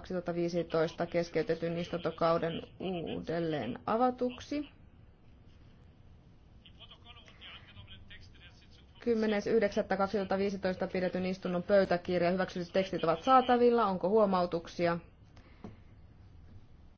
2015 keskeytetyn istuntokauden uudelleen avatuksi. 10.9.2015 pidetyn istunnon pöytäkirja hyväksytyt tekstit ovat saatavilla. Onko huomautuksia?